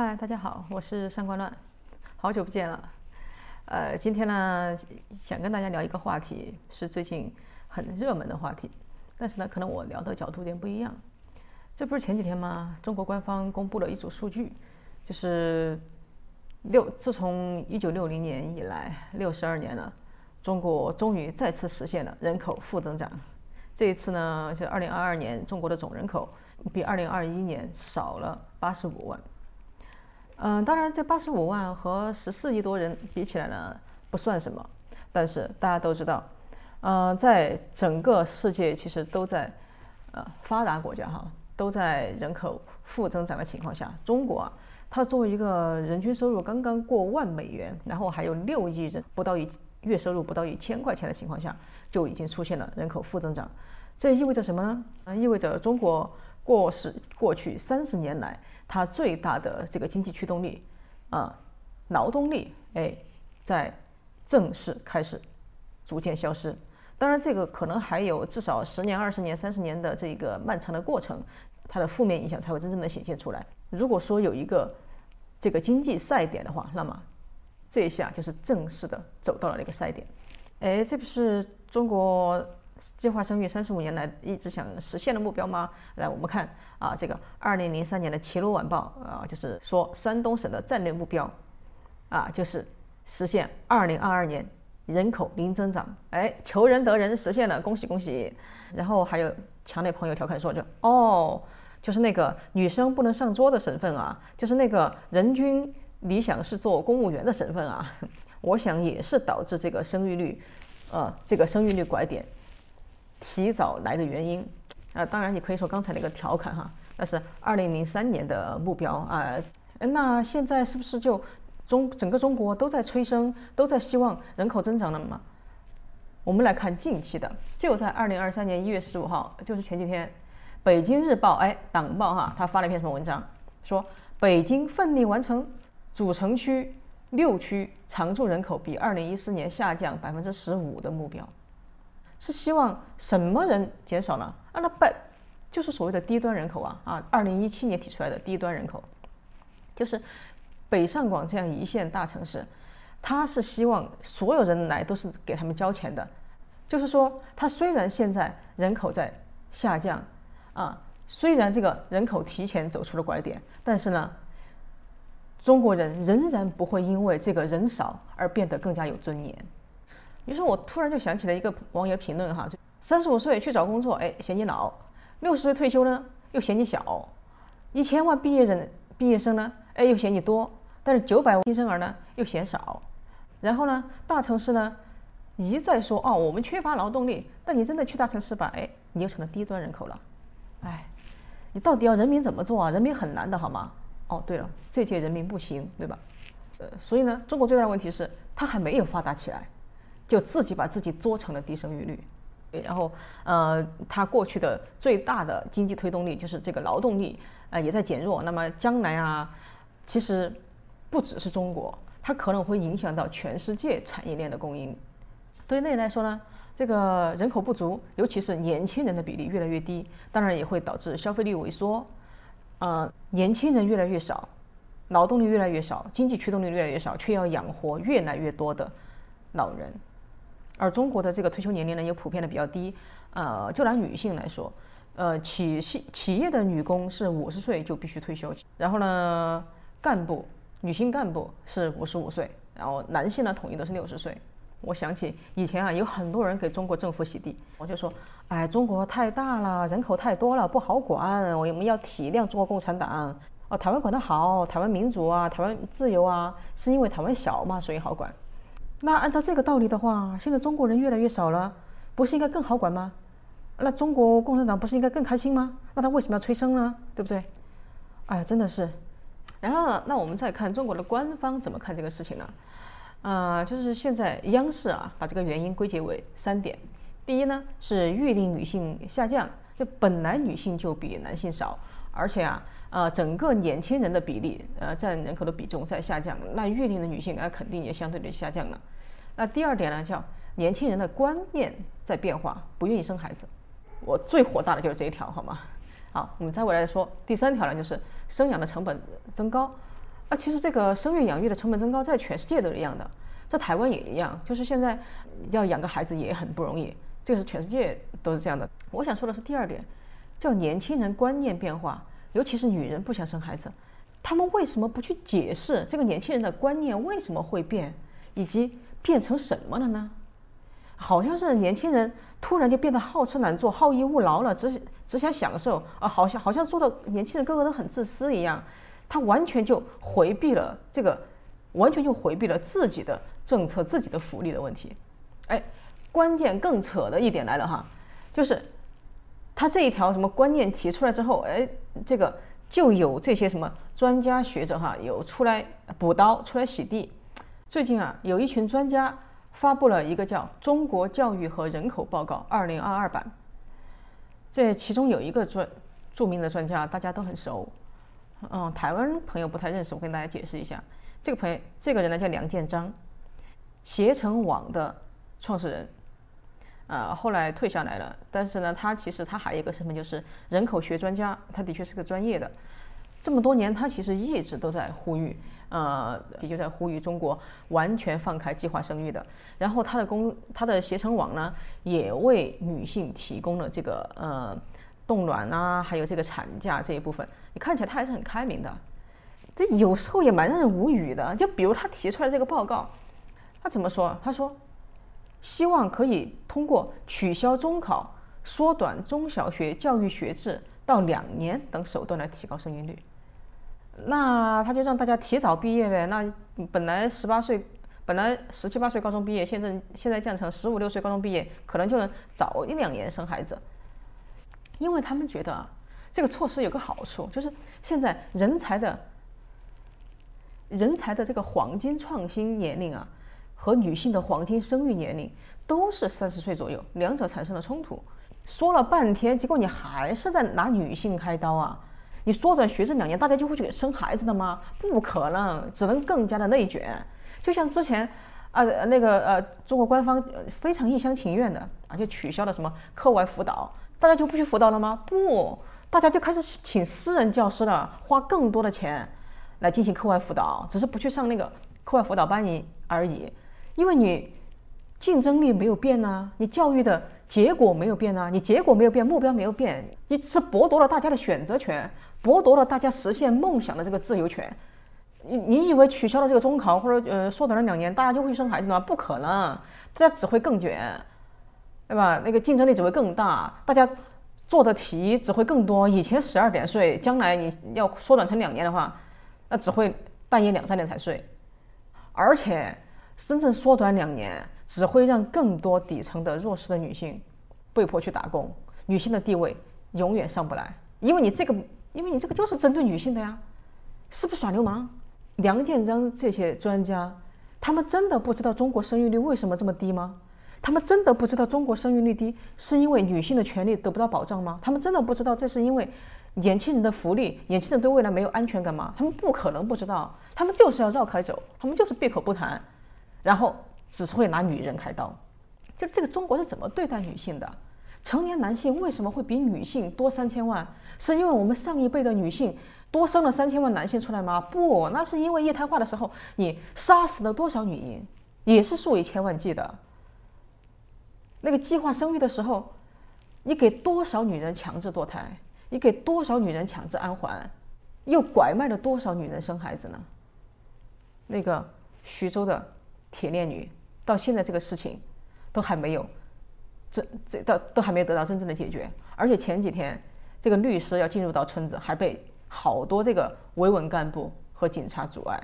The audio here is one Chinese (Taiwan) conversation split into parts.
嗨，大家好，我是上官亂，好久不見了。呃，今天呢，想跟大家聊一個話題，是最近很熱門的話題。但是呢，可能我聊的角度有點不一樣。這不是前幾天嗎？中國官方公布了一組數據，就是六，自從一九六零年以來，六十二年了，中國終於再次實現了人口負增長。這一次呢，就二零二二年，中國的總人口比二零二一年少了八十五萬。嗯、呃，當然，這八十五萬和十四億多人比起來呢，不算什麼。但是大家都知道，嗯、呃，在整個世界其實都在，呃，發達國家哈，都在人口負增長的情況下，中國啊，它作為一個人均收入剛剛過萬美元，然後還有六億人不到一月收入不到一千塊錢的情況下，就已經出現了人口負增長。這意味着什麼呢？嗯、啊，意味着中國。過是過去三十年來，它最大的這個經濟驅動力，啊，勞動力，誒、哎，在正式開始逐漸消失。當然，這個可能還有至少十年、二十年、三十年的這個漫長的過程，它的負面影響才會真正的顯現出來。如果說有一個這個經濟賽點的話，那麼這一下就是正式的走到了那個賽點。哎，這不是中國計劃生育三十五年來一直想實現的目標嗎？來，我們看啊，這個二零零三年的《齊魯晚報》啊，就是說山東省的戰略目標，啊，就是實現二零二二年人口零增長。哎，求仁得仁實現了，恭喜恭喜！然後還有牆內朋友調侃說，就哦，就是那個女生不能上桌的省份啊，就是那個人均理想是做公務員的省份啊，我想也是導致這個生育率，呃、啊，這個生育率拐點。提早來的原因，啊、呃，當然你可以說剛才那個調侃哈，那是二零零三年的目標啊、呃。那現在是不是就中整個中國都在催生，都在希望人口增長了嘛？我們來看近期的，就在二零二三年一月十五號，就是前幾天，北京日報，哎，黨報哈、啊，他發了一篇什麼文章，說北京奮力完成主城區六區常住人口比二零一四年下降百分之十五的目標。是希望什麼人減少呢？啊，那北就是所謂的低端人口啊！啊，二零一七年提出來的低端人口，就是北上廣這樣一線大城市，他是希望所有人來都是給他們交錢的。就是說，他雖然現在人口在下降，啊，雖然這個人口提前走出了拐點，但是呢，中國人仍然不會因為這個人少而變得更加有尊嚴。於是我突然就想起了一個網友評論哈，就三十五歲去找工作，哎，嫌你老；六十歲退休呢，又嫌你小；一千萬畢業人畢業生呢，哎，又嫌你多；但是九百萬新生兒呢，又嫌少。然後呢，大城市呢，一再說哦，我們缺乏勞動力。但你真的去大城市吧，哎，你就成了低端人口了。哎，你到底要人民怎麼做啊？人民很難的好嗎？哦，對了，這屆人民不行，對吧？呃，所以呢，中國最大的問題是它還沒有發達起來。就自己把自己做成了低生育率，對，然後，呃，它過去的最大的經濟推動力就是這個勞動力，呃，也在減弱。那麼將來啊，其實不只是中國，它可能會影響到全世界產業鏈的供應。對內來說呢，這個人口不足，尤其是年輕人的比例越來越低，當然也會導致消費力萎縮。嗯、呃，年輕人越來越少，勞動力越來越少，經濟驅動力越來越少，卻要養活越來越多的老人。而中國的這個退休年齡呢，也普遍的比較低，呃，就拿女性來說，呃，企企企業的女工是五十歲就必須退休，然後呢，幹部，女性幹部是五十五歲，然後男性呢統一都是六十歲。我想起以前啊，有很多人給中國政府洗地，我就說，哎，中國太大了，人口太多了，不好管，我們要體諒中國共產黨。哦，台灣管得好，台灣民主啊，台灣自由啊，是因為台灣小嘛，所以好管。那按照這個道理的話，現在中國人越來越少了，不是應該更好管嗎？那中國共產黨不是應該更開心嗎？那他為什麼要催生呢？對不對？哎呀，真的是。然後，那我們再看中國的官方怎麼看這個事情呢？啊、呃，就是現在央視啊，把這個原因歸結為三點。第一呢，是育齡女性下降，就本來女性就比男性少，而且啊。呃，整個年輕人的比例，呃，佔人口的比重在下降。那育齡的女性，那、呃、肯定也相對的下降了。那第二點呢，叫年輕人的觀念在變化，不願意生孩子。我最火大的就是這一條，好嗎？好，我們再回來說，第三條呢，就是生養的成本增高。啊，其實這個生育養育的成本增高，在全世界都是一樣的，在台灣也一樣，就是現在要養個孩子也很不容易。這、就、個是全世界都是這樣的。我想說的是第二點，叫年輕人觀念變化。尤其是女人不想生孩子，他們為什麼不去解釋這個年輕人的觀念為什麼會變，以及變成什麼了呢？好像是年輕人突然就變得好吃懶做、好逸惡勞了，只只想享受啊，好像好像做的年輕人個個都很自私一樣，他完全就回避了這個，完全就回避了自己的政策、自己的福利的問題。哎，關鍵更扯的一點來了哈，就是他這一條什麼觀念提出來之後，哎。這個就有這些什麼專家學者哈，有出來補刀，出來洗地。最近啊，有一群專家發布了一個叫《中國教育和人口報告2022》二零二二版。這其中有一個專著名的專家，大家都很熟。嗯，台灣朋友不太認識，我跟大家解釋一下。這個朋友，這個人呢，叫梁建章，攜程網的創始人。呃，後來退下來了，但是呢，他其實他還有一個身份，就是人口學專家，他的確是個專業的。這麼多年，他其實一直都在呼籲，呃，也就在呼籲中國完全放開計劃生育的。然後他的公，他的攜程網呢，也為女性提供了這個呃，凍卵啊，還有這個產假這一部分。你看起來他還是很開明的，這有時候也蠻讓人無語的。就比如他提出來這個報告，他怎麼說？他說。希望可以通過取消中考、縮短中小學教育學制到兩年等手段來提高生育率。那他就讓大家提早畢業唄。那本來十八歲、本來十七八歲高中畢業，現在現在降成十五六歲高中畢業，可能就能早一兩年生孩子。因為他們覺得啊，這個措施有個好處，就是現在人才的、人才的這個黃金創新年齡啊。和女性的黃金生育年齡都是三十歲左右，兩者產生了衝突。說了半天，結果你還是在拿女性開刀啊！你縮短學制兩年，大家就會去生孩子的嗎？不可能，只能更加的內卷。就像之前啊、呃，那個呃，中國官方非常一廂情願的啊，就取消了什麼課外輔導，大家就不去輔導了嗎？不，大家就開始請私人教師了，花更多的錢來進行課外輔導，只是不去上那個課外輔導班而已。因為你競爭力沒有變吶、啊，你教育的結果沒有變吶、啊，你結果沒有變，目標沒有變，你只是剝奪了大家的選擇權，剝奪了大家實現夢想的這個自由權。你你以為取消了這個中考或者呃縮短了兩年，大家就會生孩子嗎？不可能，大家只會更卷，對吧？那個競爭力只會更大，大家做的題只會更多。以前十二點睡，將來你要縮短成兩年的話，那只會半夜兩三點才睡，而且。真正縮短兩年，只會讓更多底層的弱勢的女性被迫去打工，女性的地位永遠上不來。因為你這個，因為你這個就是針對女性的呀，是不是耍流氓？梁建章這些專家，他們真的不知道中國生育率為什麼這麼低嗎？他們真的不知道中國生育率低是因為女性的權利得不到保障嗎？他們真的不知道這是因為年輕人的福利，年輕人對未來沒有安全感嗎？他們不可能不知道，他們就是要繞開走，他們就是閉口不談。然後只是會拿女人開刀，就這個中國是怎麼對待女性的？成年男性為什麼會比女性多三千萬？是因為我們上一輩的女性多生了三千萬男性出來嗎？不，那是因為一胎化的時候，你殺死了多少女嬰，也是數以千萬計的。那個計劃生育的時候，你給多少女人強制墮胎？你給多少女人強制安環？又拐賣了多少女人生孩子呢？那個徐州的。鐵鏈女到現在這個事情，都還沒有，這這到都，都還沒得到真正的解決。而且前幾天，這個律師要進入到村子，還被好多這個維穩幹部和警察阻礙。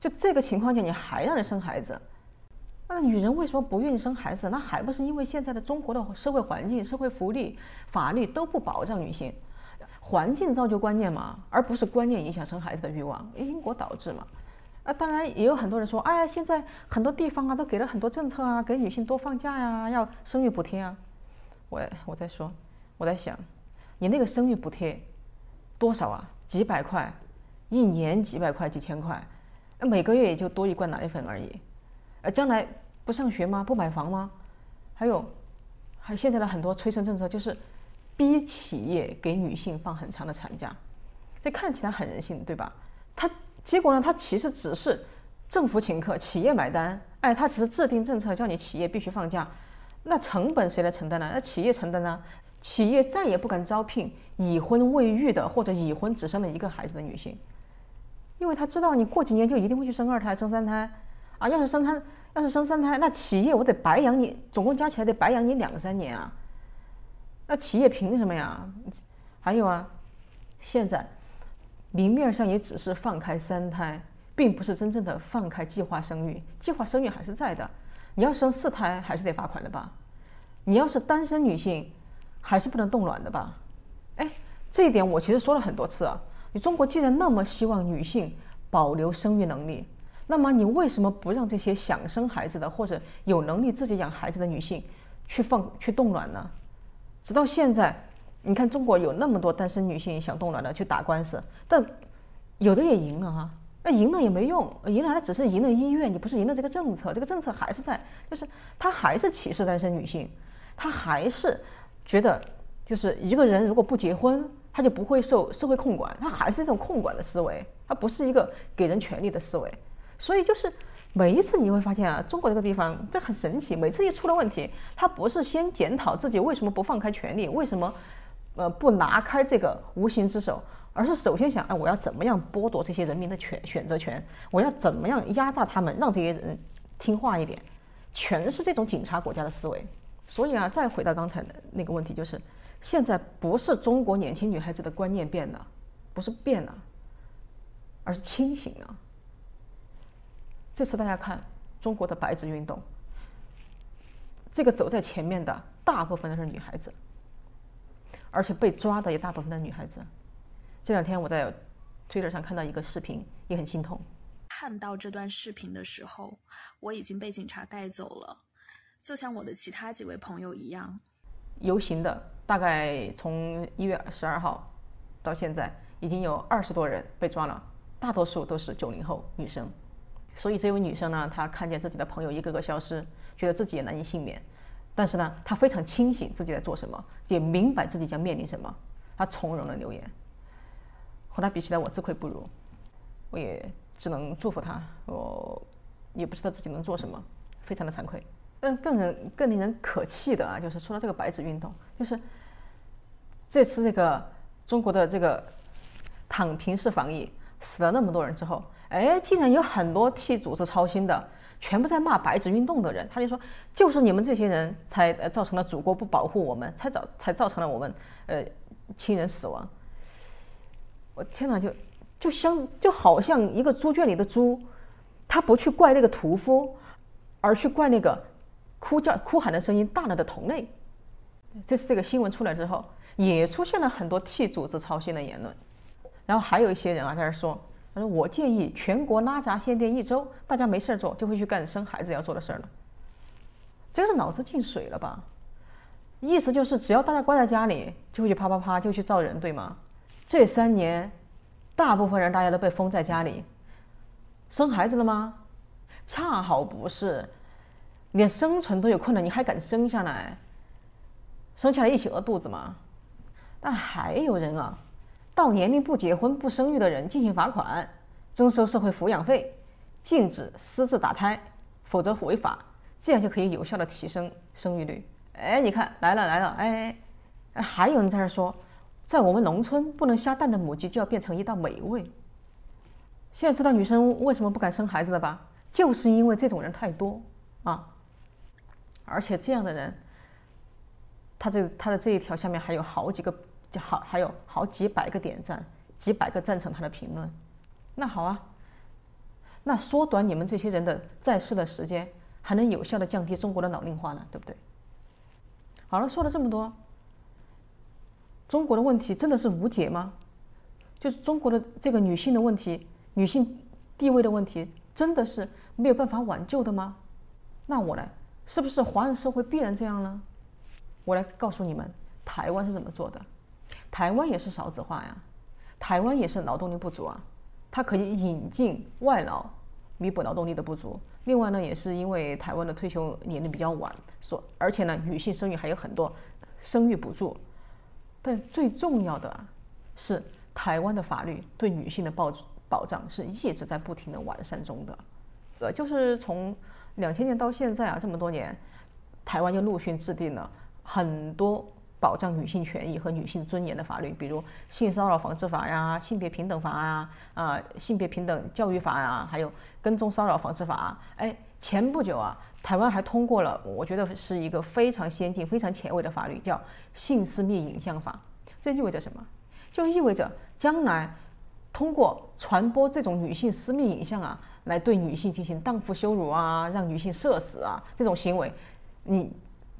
就這個情況下，你還讓人生孩子？那女人為什麼不願意生孩子？那還不是因為現在的中國的社會環境、社會福利、法律都不保障女性。環境造就觀念嘛，而不是觀念影響生孩子的慾望，因果導致嘛。啊，當然也有很多人說，哎呀，現在很多地方啊都給了很多政策啊，給女性多放假呀，啊，要生育補貼啊。我我在說，我在想，你那個生育補貼多少啊？幾百塊，一年幾百塊幾千塊，那每個月也就多一罐奶粉而已。呃，將來不上學嗎？不買房嗎？還有，還有現在的很多催生政策就是逼企業給女性放很長的產假。這看起來很人性，對吧？它。結果呢，他其實只是政府請客，企業買單。哎，他只是制定政策，叫你企業必須放假。那成本誰來承擔呢？那企業承擔呢？企業再也不敢招聘已婚未育的或者已婚只生了一個孩子的女性，因為他知道你過幾年就一定會去生二胎、生三胎啊。要是生三，要是生三胎，那企業我得白養你，總共加起來得白養你兩三年啊。那企業憑什麼呀？還有啊，現在。明面上也只是放開三胎，並不是真正的放開計劃生育，計劃生育還是在的。你要生四胎還是得罰款的吧？你要是單身女性，還是不能凍卵的吧？哎，這一點我其實說了很多次啊。你中國既然那麼希望女性保留生育能力，那麼你為什麼不讓這些想生孩子的或者有能力自己養孩子的女性去放去凍卵呢？直到現在。你看，中國有那麼多單身女性想凍卵的去打官司，但有的也贏了哈。那贏了也沒用，贏了它，只是贏了醫院，你不是贏了這個政策，這個政策還是在，就是他還是歧視單身女性，他還是覺得就是一個人如果不結婚，他就不會受社會控管，他還是一種控管的思維，他不是一個給人權利的思維。所以就是每一次你會發現啊，中國這個地方這很神奇，每次一出了問題，他不是先檢討自己為什麼不放開權利，為什麼？呃，不拿開這個無形之手，而是首先想，哎，我要怎麼樣剝奪這些人民的權選擇權？我要怎麼樣壓榨他們，讓這些人聽話一點？全是這種警察國家的思維。所以啊，再回到剛才的那個問題，就是現在不是中國年輕女孩子的觀念變了，不是變了，而是清醒了。這次大家看中國的白紙運動，這個走在前面的大部分都是女孩子。而且被抓的也大部分的女孩子。這兩天我在推特上看到一個視頻，也很心痛。看到這段視頻的時候，我已經被警察帶走了，就像我的其他幾位朋友一樣。遊行的大概從一月十二號到現在，已經有二十多人被抓了，大多數都是九零後女生。所以這位女生呢，她看見自己的朋友一個個消失，覺得自己也難以幸免。但是呢，他非常清醒，自己在做什麼，也明白自己將面臨什麼，他從容的留言。和他比起來，我自愧不如，我也只能祝福他。我也不知道自己能做什麼，非常的慚愧。但更更令人可氣的啊，就是說到這個白紙運動，就是這次這個中國的這個躺平式防疫死了那麼多人之後，哎，竟然有很多替組織操心的。全部在罵白紙運動的人，他就說，就是你們這些人才造成了祖國不保護我們，才造才造成了我們，呃，親人死亡。我天哪，就就像就好像一個豬圈裡的豬，他不去怪那個屠夫，而去怪那個哭叫哭喊的聲音大了的同類。這是這個新聞出來之後，也出現了很多替組織操心的言論，然後還有一些人啊，在那說。他說：“我建議全國拉閘限電一周，大家沒事兒做，就會去幹生孩子要做的事兒了。這個是腦子進水了吧？意思就是只要大家關在家裡，就會去啪啪啪，就去造人，對嗎？這三年，大部分人大家都被封在家裡，生孩子了嗎？恰好不是，連生存都有困難，你還敢生下來？生下來一起餓肚子嗎？但還有人啊。”到年齡不結婚不生育的人進行罰款，徵收社會撫養費，禁止私自打胎，否則違法。這樣就可以有效地提升生育率。哎，你看來了來了，哎，還有人在這說，在我們農村不能下蛋的母雞就要變成一道美味。現在知道女生為什麼不敢生孩子了吧？就是因為這種人太多啊，而且這樣的人，他這他的這一條下面還有好幾個。就好，還有好幾百個點讚，幾百個贊成他的評論，那好啊，那縮短你們這些人的在世的時間，還能有效的降低中國的老齡化呢，對不對？好了，說了這麼多，中國的問題真的是無解嗎？就是中國的這個女性的問題，女性地位的問題，真的是沒有辦法挽救的嗎？那我來，是不是華人社會必然這樣呢？我來告訴你們，台灣是怎麼做的。台灣也是少子化呀，台灣也是勞動力不足啊，它可以引進外勞彌補勞動力的不足。另外呢，也是因為台灣的退休年齡比較晚，所而且呢，女性生育還有很多生育補助。但最重要的是，是台灣的法律對女性的保保障是一直在不停的完善中的，呃，就是從兩千年到現在啊，這麼多年，台灣就陸續製定了很多。保障女性權益和女性尊嚴的法律，比如性騷擾防治法呀、啊、性別平等法啊、啊、呃、性別平等教育法啊，還有跟蹤騷擾防治法、啊。哎，前不久啊，台灣還通過了，我覺得是一個非常先進、非常前衛的法律，叫性私密影像法。這意味着什麼？就意味着將來通過傳播這種女性私密影像啊，來對女性進行蕩婦羞辱啊、讓女性社死啊這種行為，你。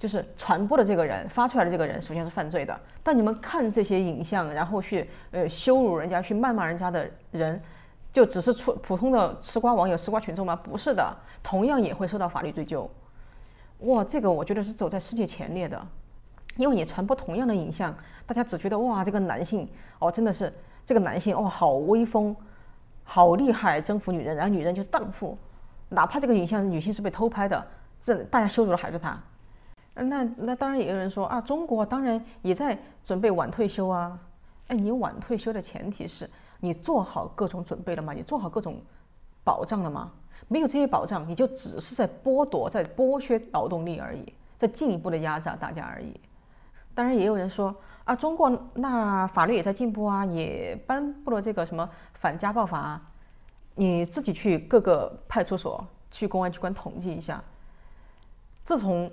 就是傳播的這個人發出來的這個人，首先是犯罪的。但你們看這些影像，然後去呃羞辱人家、去謾罵，罵人家的人，就只是出普通的吃瓜網友、吃瓜群眾嗎？不是的，同樣也會受到法律追究。哇，這個我覺得是走在世界前列的，因為你傳播同樣的影像，大家只覺得哇，這個男性哦真的是這個男性哦好威風，好厲害，征服女人，然後女人就是蕩婦，哪怕這個影像女性是被偷拍的，這大家羞辱的還是她。那那當然也有人說啊，中國當然也在準備晚退休啊。哎，你晚退休的前提是你做好各種準備了嗎？你做好各種保障了嗎？沒有這些保障，你就只是在剝奪、在剝削勞動力而已，在進一步的壓榨大家而已。當然也有人說啊，中國那法律也在進步啊，也頒布了這個什麼反家暴法啊。你自己去各個派出所、去公安機關統計一下，自從。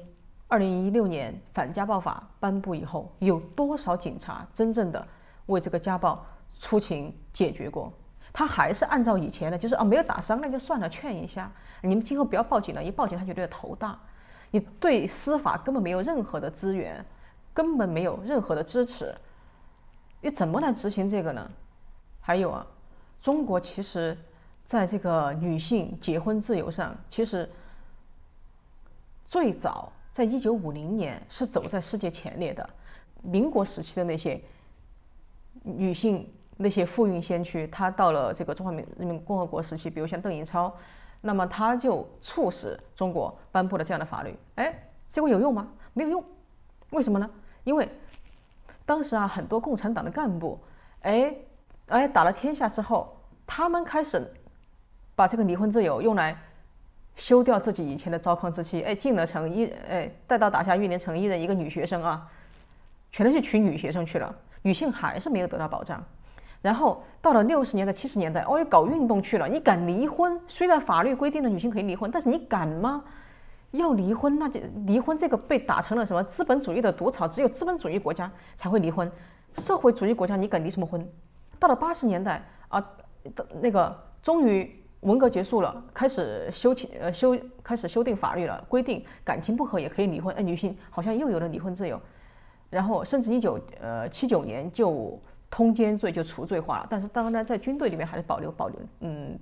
二零一六年反家暴法頒布以後，有多少警察真正的為這個家暴出警解決過？他還是按照以前的，就是啊、哦，沒有打傷那就算了，勸一下，你們今後不要報警了，一報警他就覺得頭大。你對司法根本沒有任何的資源，根本沒有任何的支持，你怎麼來執行這個呢？還有啊，中國其實在這個女性結婚自由上，其實最早。在一九五零年是走在世界前列的，民國時期的那些女性那些婦運先驅，她到了這個中華民人民共和國時期，比如像鄧穎超，那麼她就促使中國頒布了這樣的法律。哎，結果有用嗎？沒有用。為什麼呢？因為當時啊，很多共產黨的幹部，哎哎打了天下之後，他們開始把這個離婚自由用來。休掉自己以前的糟糠之妻，哎，進了城一，哎，帶到打下玉林城一人一個女學生啊，全都是娶女學生去了，女性還是沒有得到保障。然後到了六十年代七十年代，哦，又搞運動去了，你敢離婚？雖然法律規定的女性可以離婚，但是你敢嗎？要離婚那就離婚，這個被打成了什麼資本主義的毒草，只有資本主義國家才會離婚，社會主義國家你敢離什麼婚？到了八十年代啊，那個終於。文革結束了，開始修起，呃修開始修訂法律了，規定感情不和也可以離婚，哎，女性好像又有了離婚自由。然後，甚至一九呃七九年就通姦罪就除罪化了，但是當然在軍隊裡面還是保留保留，嗯，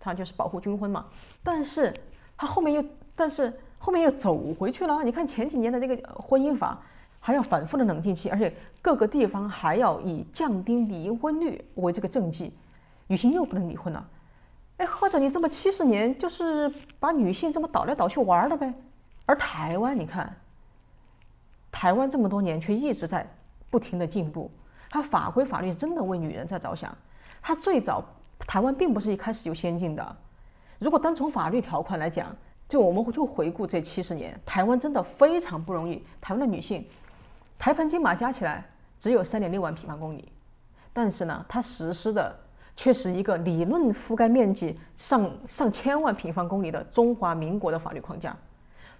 他就是保護軍婚嘛。但是他後面又，但是後面又走回去了。你看前幾年的那個婚姻法，還要反復的冷靜期，而且各個地方還要以降低離婚率為這個政績，女性又不能離婚了。哎，或者你這麼七十年就是把女性這麼倒來倒去玩了唄？而台灣，你看，台灣這麼多年卻一直在不停地進步，它法規法律真的為女人在着想。它最早，台灣並不是一開始就先進的。如果單從法律條款來講，就我們就回顧這七十年，台灣真的非常不容易。台灣的女性，台澎金馬加起來只有三點六萬平方公里，但是呢，它實施的。卻是一個理論覆蓋面積上上千萬平方公里的中華民國的法律框架，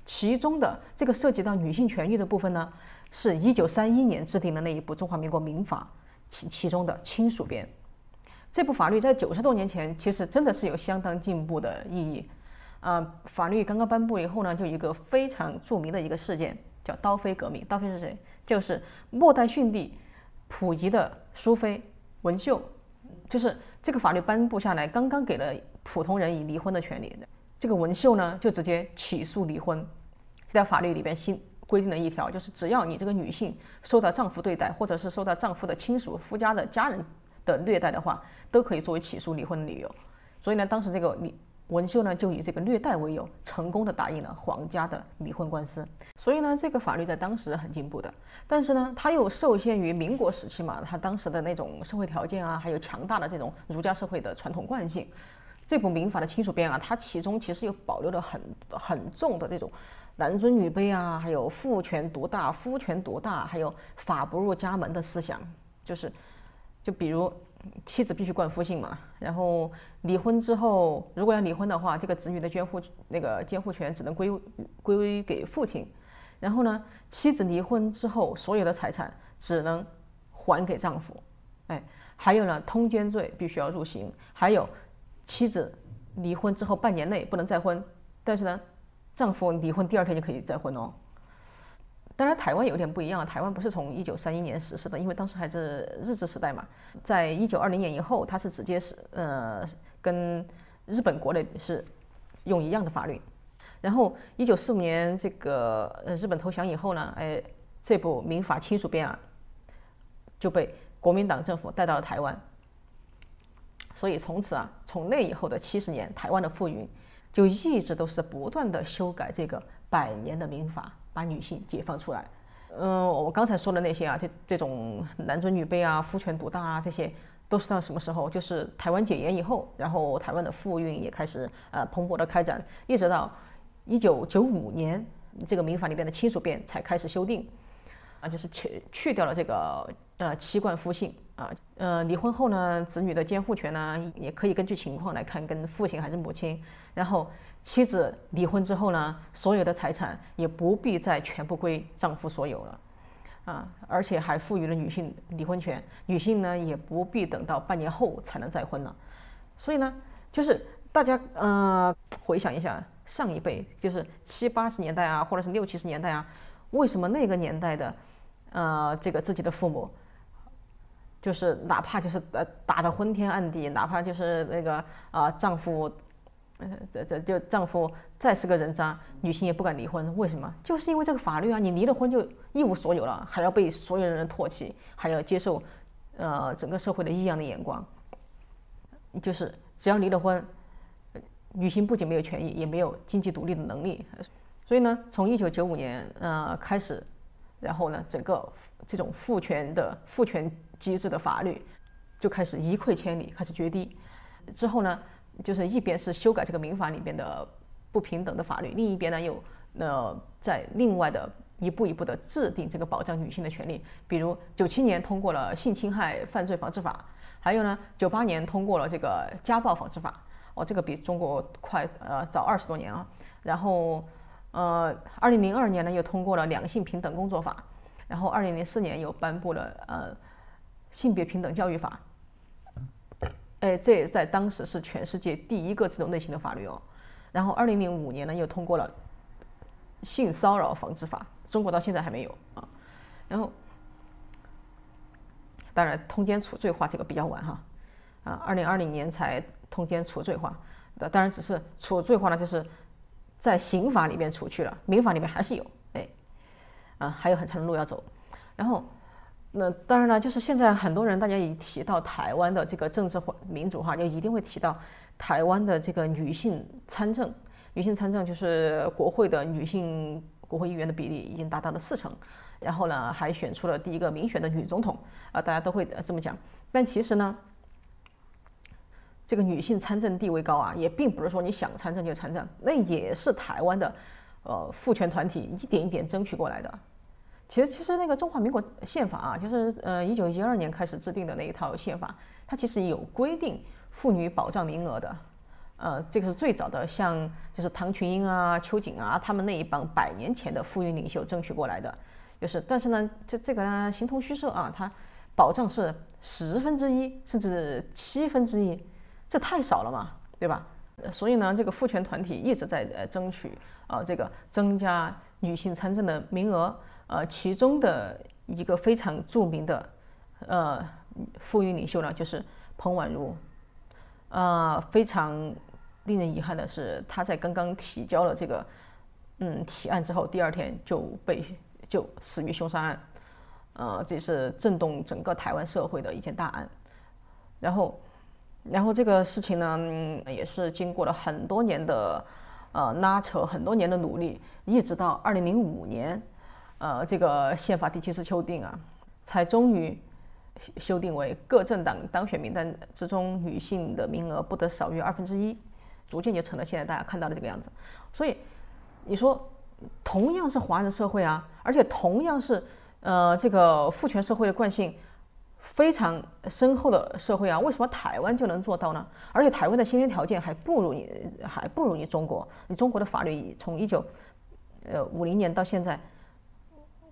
其中的這個涉及到女性權益的部分呢，是一九三一年制定的那一部中華民國民法其其中的親屬編。這部法律在九十多年前其實真的是有相當進步的意義。啊、呃，法律剛剛頒布以後呢，就一個非常著名的一個事件叫刀妃革命。刀妃是誰？就是末代遜帝溥儀的淑妃文繡。就是這個法律頒布下來，剛剛給了普通人以離婚的權利。這個文秀呢，就直接起訴離婚。在法律裡邊新規定了一條，就是只要你這個女性受到丈夫對待，或者是受到丈夫的親屬、夫家的家人的虐待的話，都可以作為起訴離婚的理由。所以呢，當時這個你。文秀呢，就以這個虐待為由，成功地打贏了皇家的離婚官司。所以呢，這個法律在當時很進步的，但是呢，他又受限於民國時期嘛，他當時的那種社會條件啊，還有強大的這種儒家社會的傳統慣性。這部民法的親屬編啊，它其中其實又保留了很很重的這種男尊女卑啊，還有父權獨大、夫權獨大，還有法不入家門的思想，就是，就比如。妻子必須冠夫姓嘛，然後離婚之後，如果要離婚的話，這個子女的監護那個監護權只能歸歸給父親。然後呢，妻子離婚之後，所有的財產只能還給丈夫。哎，還有呢，通姦罪必須要入刑。還有，妻子離婚之後半年內不能再婚，但是呢，丈夫離婚第二天就可以再婚哦。當然，台灣有點不一樣啊。台灣不是從一九三一年實施的，因為當時還是日治時代嘛。在一九二零年以後，它是直接是呃跟日本國內是用一樣的法律。然後一九四五年這個呃日本投降以後呢，哎這部民法親屬編啊就被國民黨政府帶到了台灣。所以從此啊，從那以後的七十年，台灣的婦運就一直都是不斷的修改這個百年的民法。把女性解放出來，嗯，我剛才說的那些啊，這這種男尊女卑啊，夫權獨大啊，這些都是到什麼時候？就是台灣解嚴以後，然後台灣的婦運也開始呃蓬勃的開展，一直到一九九五年，這個民法裡邊的親屬編才開始修訂，啊，就是去去掉了這個呃妻冠夫姓。啊，呃，離婚後呢，子女的監護權呢，也可以根據情況來看，跟父親還是母親。然後，妻子離婚之後呢，所有的財產也不必再全部歸丈夫所有了，啊，而且還賦予了女性離婚權，女性呢也不必等到半年後才能再婚了。所以呢，就是大家呃回想一下上一輩，就是七八十年代啊，或者是六七十年代啊，為什麼那個年代的，呃，這個自己的父母，就是哪怕就是呃打得昏天暗地，哪怕就是那個啊、呃、丈夫，呃這這就，就丈夫再是個人渣，女性也不敢離婚。為什麼？就是因為這個法律啊，你離了婚就一無所有了，還要被所有的人唾棄，還要接受呃整個社會的異樣的眼光。就是只要離了婚，呃，女性不僅沒有權益，也沒有經濟獨立的能力。所以呢，從一九九五年呃開始，然後呢，整個這種父權的父權。機制的法律就開始一潰千里，開始決堤。之後呢，就是一邊是修改這個民法裡面的不平等的法律，另一邊呢，又呃在另外的一步一步的制定這個保障女性的權利。比如九七年通過了性侵害犯罪防治法，還有呢九八年通過了這個家暴防治法。哦，這個比中國快呃早二十多年啊。然後呃二零零二年呢又通過了兩性平等工作法，然後二零零四年又頒布了呃。性別平等教育法，哎，這也在當時是全世界第一個這種類型的法律哦。然後，二零零五年呢，又通過了性騷擾防治法，中國到現在還沒有啊。然後，當然，通奸除罪化這個比較晚哈，啊，二零二零年才通奸除罪化。當然，只是除罪化呢，就是在刑法裡面除去了，民法裡面還是有，哎，啊，還有很長的路要走。然後。那當然了，就是現在很多人，大家一提到台灣的這個政治民主哈，就一定會提到台灣的這個女性參政。女性參政就是國會的女性國會議員的比例已經達到了四成，然後呢，還選出了第一個民選的女總統啊、呃，大家都會這麼講。但其實呢，這個女性參政地位高啊，也並不是說你想參政就參政，那也是台灣的，呃，婦權團體一點一點爭取過來的。其實，其實那個中華民國憲法啊，就是呃，一九一二年開始制定的那一套憲法，它其實有規定婦女保障名額的，呃，這個是最早的，像就是唐群英啊、秋瑾啊他們那一幫百年前的婦女領袖爭取過來的，就是，但是呢，這這個呢形同虛設啊，它保障是十分之一，甚至七分之一，這太少了嘛，對吧？所以呢，這個婦權團體一直在爭取啊、呃，這個增加女性參政的名額。呃，其中的一個非常著名的呃婦女領袖呢，就是彭婉如。呃，非常令人遺憾的是，她在剛剛提交了這個嗯提案之後，第二天就被就死於兇殺案。呃，這是震動整個台灣社會的一件大案。然後，然後這個事情呢，嗯，也是經過了很多年的呃拉扯，很多年的努力，一直到二零零五年。呃，這個憲法第七次修訂啊，才終於修訂為各政黨當選名單之中女性的名額不得少於二分之一，逐漸就成了現在大家看到的這個樣子。所以，你說同樣是華人社會啊，而且同樣是呃這個父權社會的慣性非常深厚的社會啊，為什麼台灣就能做到呢？而且台灣的先天條件還不如你，還不如你中國，你中國的法律從一九呃五零年到現在。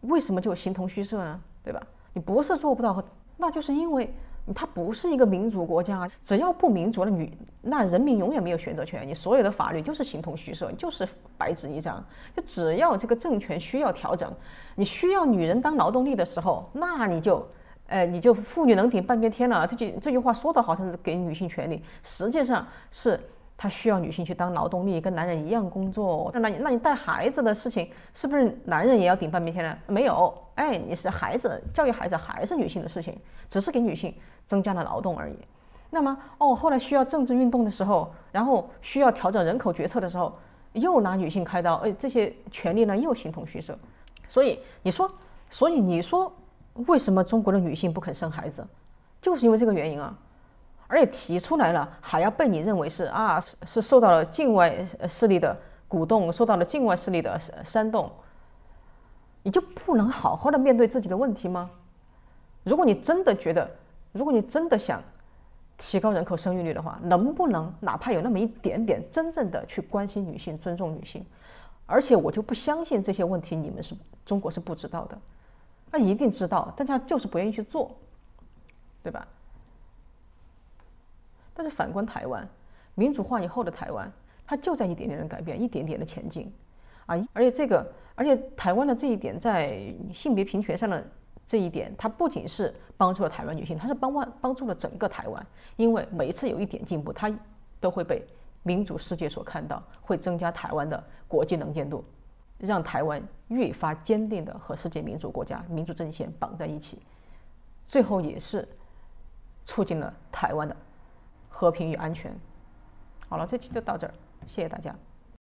為什麼就形同虛設呢？對吧？你不是做不到，那就是因為它不是一個民主國家，只要不民主的女，那人民永遠沒有選擇權，你所有的法律就是形同虛設，就是白紙一張。就只要這個政權需要調整，你需要女人當勞動力的時候，那你就，呃，你就婦女能頂半邊天了。這句這句話說的好像是給女性權利，實際上是。他需要女性去當勞動力，跟男人一樣工作哦。那你，那你帶孩子的事情是不是男人也要頂半邊天呢？沒有，哎，你是孩子教育孩子還是女性的事情，只是給女性增加了勞動而已。那麼哦，後來需要政治運動的時候，然後需要調整人口決策的時候，又拿女性開刀，哎，這些權利呢又形同虛設。所以你說，所以你說，為什麼中國的女性不肯生孩子，就是因為這個原因啊。而且提出來了，還要被你認為是啊，是受到了境外勢力的鼓動，受到了境外勢力的煽動，你就不能好好的面對自己的問題嗎？如果你真的覺得，如果你真的想提高人口生育率的話，能不能哪怕有那麼一點點真正的去關心女性、尊重女性？而且我就不相信這些問題你們是中國是不知道的，那一定知道，但他就是不願意去做，對吧？但是反觀台灣，民主化以後的台灣，它就在一點點的改變，一點點的前進啊！而且這個，而且台灣的這一點在性別平權上的這一點，它不僅是幫助了台灣女性，它是幫幫助了整個台灣。因為每一次有一點進步，它都會被民主世界所看到，會增加台灣的國際能見度，讓台灣越發堅定的和世界民主國家、民主陣線綁在一起，最後也是促進了台灣的。和平與安全。好了，這期就到這兒，謝謝大家。